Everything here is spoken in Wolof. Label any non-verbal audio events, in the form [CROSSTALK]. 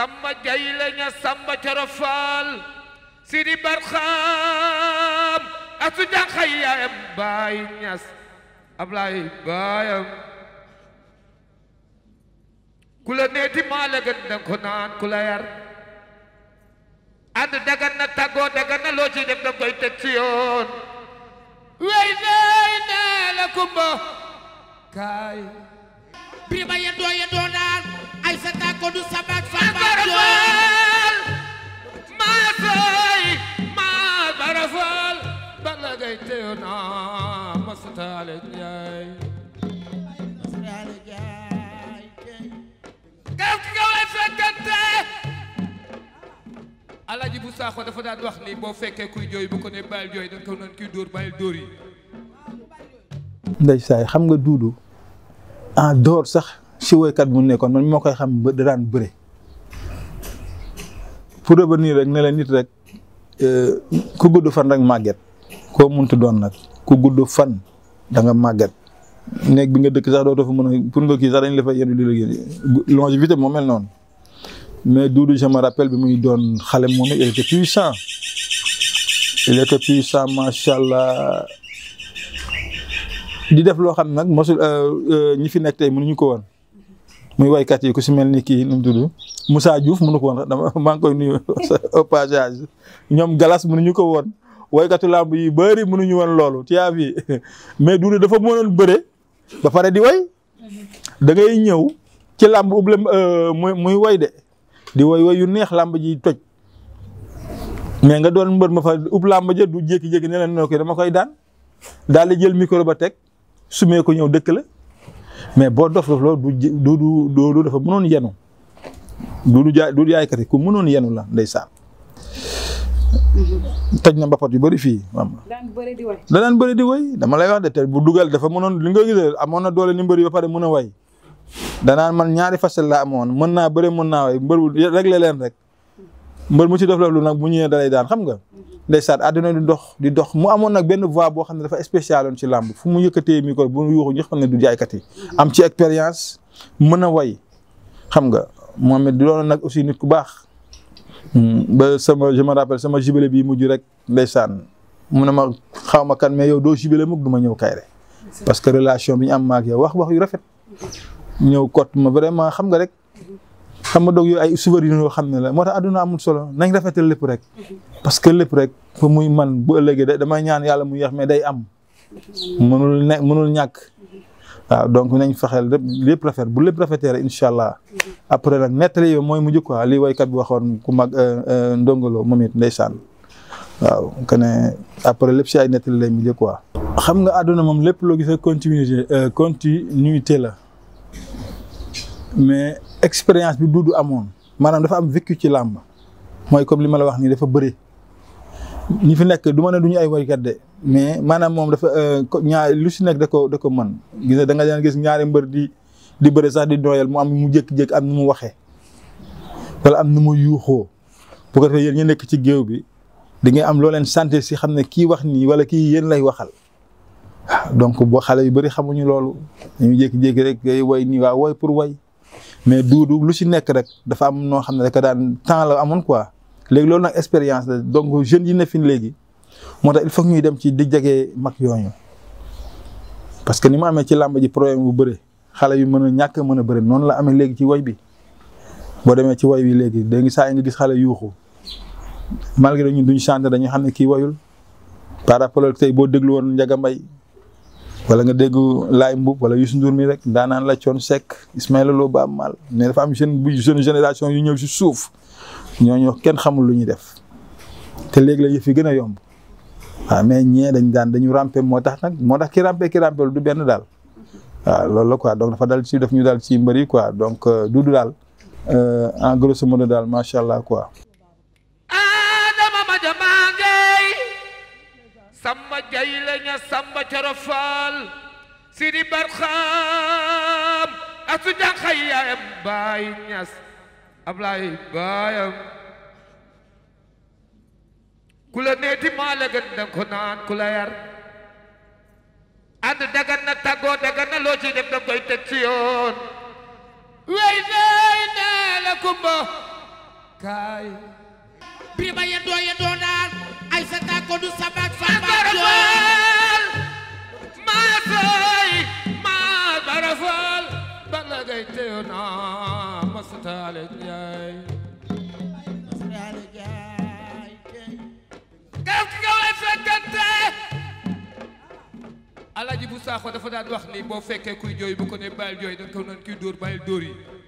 samba jayle ña samba coro faal sidi barxaam asu jànxay yaayam baay ñas ablaay baayam ku la neeti maa gën danga ko naan ku la yar dagan na tàggoo dagan na loo ci def danga koy teg wey nay la kumba kaay birima yendoo yendoo ay sa tàggoo du sabak alaaji bu saaxo dafa daan wax ni boo fekkee kuy jooy bu ko ne bàyyil jooy danga ko naan kuy dóor bàyyil dóor yi ndeysaan xam nga duudu en dehors sax si woykat bu nekkoon man moo koy xam ba daan bëre pour revenir rek ne nit rek euh, ku gudd fan rek màgget koo muntu doon nag ku gudd fan da nga màgget néeg bi nga dëkk sax dootoo fa mën a pour nga kii sax dañ la fa yenn di la longévité moo mel noonu mais Doudou je me rappelle bi muy doon xale moom il était puissant il était puissant macha allah di def loo xam nag mosul euh, euh, ñi fi nekk tey mënuñu ko woon muy waykat yi ku si mel ni kii nu mu tudd Moussa Diouf mënu ko woon dama maa ngi koy nuyu [LAUGHS] au passage ñoom galas mënuñu ko woon woykatu làmb yi bëri mënuñu won loolu tiaa [LAUGHS] fi mais Doudou dafa mënoon bëre ba pare di woy dangay ñëw ci làmb uble euh, muy muy way de di yu neex làmb ji toj mais nga doon mbër ma fa ub làmb ja du jékki-jékki ne leen noo koy dama koy daan daal di jël micro ba teg sumee ko ñëw dëkk la mais boo dof dof loolu du du du dafa mënoon yenu du jaay du jaaykati ku mënoon yenu la ndeysaan. toj na mbapat yu bëri fii. daan bëri di way. da daan bëri di way dama lay wax de te bu dugal dafa mënoon li nga gisee amoon na doole ni mbëri ba pare mën a way. danaan man ñaari fasal la amoon mën naa bëri mën naa way mbër bu réglé leen rek. mbër mu ci def loolu nag mu ñëwee da lay daan xam nga. ndeysaan àdduna di dox di dox mu amoon nag benn voix boo xam ne dafa spécial woon ci làmb fu mu yëkkatee micro bu mu yuuxu ñu xam ne du jaaykat yi. am ci expérience mën a way xam nga moom it doonoon nag aussi nit ku baax ba sama je me rappelle sama jubile bii mujj rek ndeysaan mu ne ma xaw ma kan mais yow doo jubile mukk du ma ñëw Kairé parce que relation bi ñu am maak yow wax wax yu rafet ñëw kot ma vraiment xam nga rek xam nga doog yooyu ay souverain yoo xam ne la moo tax àdduna amul solo nañ rafetal lépp rek parce que lépp rek fa muy man bu ëllëgee damay ñaan yàlla mu yeex mais day am mënul ne mënul ñàkk waaw donc nañ fexeel lépp lépp rafet bu lépp rafetee rek incha allah après nag nettali yi mooy mujj quoi lii waykat bi waxoon ku mag euh, euh, ndongolo moom it ndeysaan waaw que après lépp si ay nettali lay mujj quoi. xam nga àdduna moom lépp loo gisee continuité euh, continuité la mais expérience bi Doudou amoon maanaam dafa am vécu ci làmb mooy comme li ma la wax nii dafa bëri. ñi fi nekk du ma du ñu ay waykat de mais maanaam moom dafa euh, ñaar lu si nekk da ko da ko mën gis nga da nga daan gis ñaari mbër di di bëre sax di doyal mu am mu jékki-jékki am nu mu waxee wala am nu mu yuuxoo bu ko defee yéen ñu nekk ci géew bi di nga am loo leen santé si xam ne kii wax nii wala kii yéen lay waxal waaw ah, donc boo xale yu bëri xamuñu loolu dañuy jékki-jékki rek day way nii waa pour way mais duudu lu si nekk rek dafa am noo xam ne rek daan temps la amoon quoi. léegi loolu nag expérience la donc jeunes yi ne léegi moo tax il faut ñuy dem ci di jege mag yooyu parce que ni mu amee ci làmba ji problème bu bëri xale yu mën a ñàkk mën a bëri noonu la amee léegi ci way bi boo demee ci woy bi léegi da nga saa yi nga gis xale yuuxu malgré ñun duñ chanter dañu xam ne kii woyul par rapport tey boo déglu woon Ndiaga Mbaye wala nga dégg Laay Mbub wala Youssou Ndour mi rek daanaan la Thione Seck Ismaïla Lo Baaba Maal mais dafa am bu jeune génération yu ñëw si suuf ñoo ñooñu kenn xamul lu ñuy def te léegi la fi gën a yomb waaw mais ñee dañ daan dañu rampe moo tax nag moo tax ki rampe ki rampe lu du benn daal waaw loolu la donc dafa dal ci daf ñu dal ci mbër yi quoi donc euh, du daal euh, en grosso daal macha allah quoi. samba jay laña samba corofal sidi barxam asu jànxay yaayam baay ñas Ablaay baayam ku la neeti maa la gën danga ko ku la yar ànd dagan na tàggoo dagan na loo ciy wey nay naa la kumba kaay birima yendoo yendoo ay sa tàggoo du sabaat faamaat yoon maa Saale Njaay Saale Njaay kaw ki nga way fekkante Alaaji bu Saaxo dafa daan wax ni boo fekkee kuy jooy bu ko ne bàyyil jooy da ko naan kuy dóor bàyyil dóor yi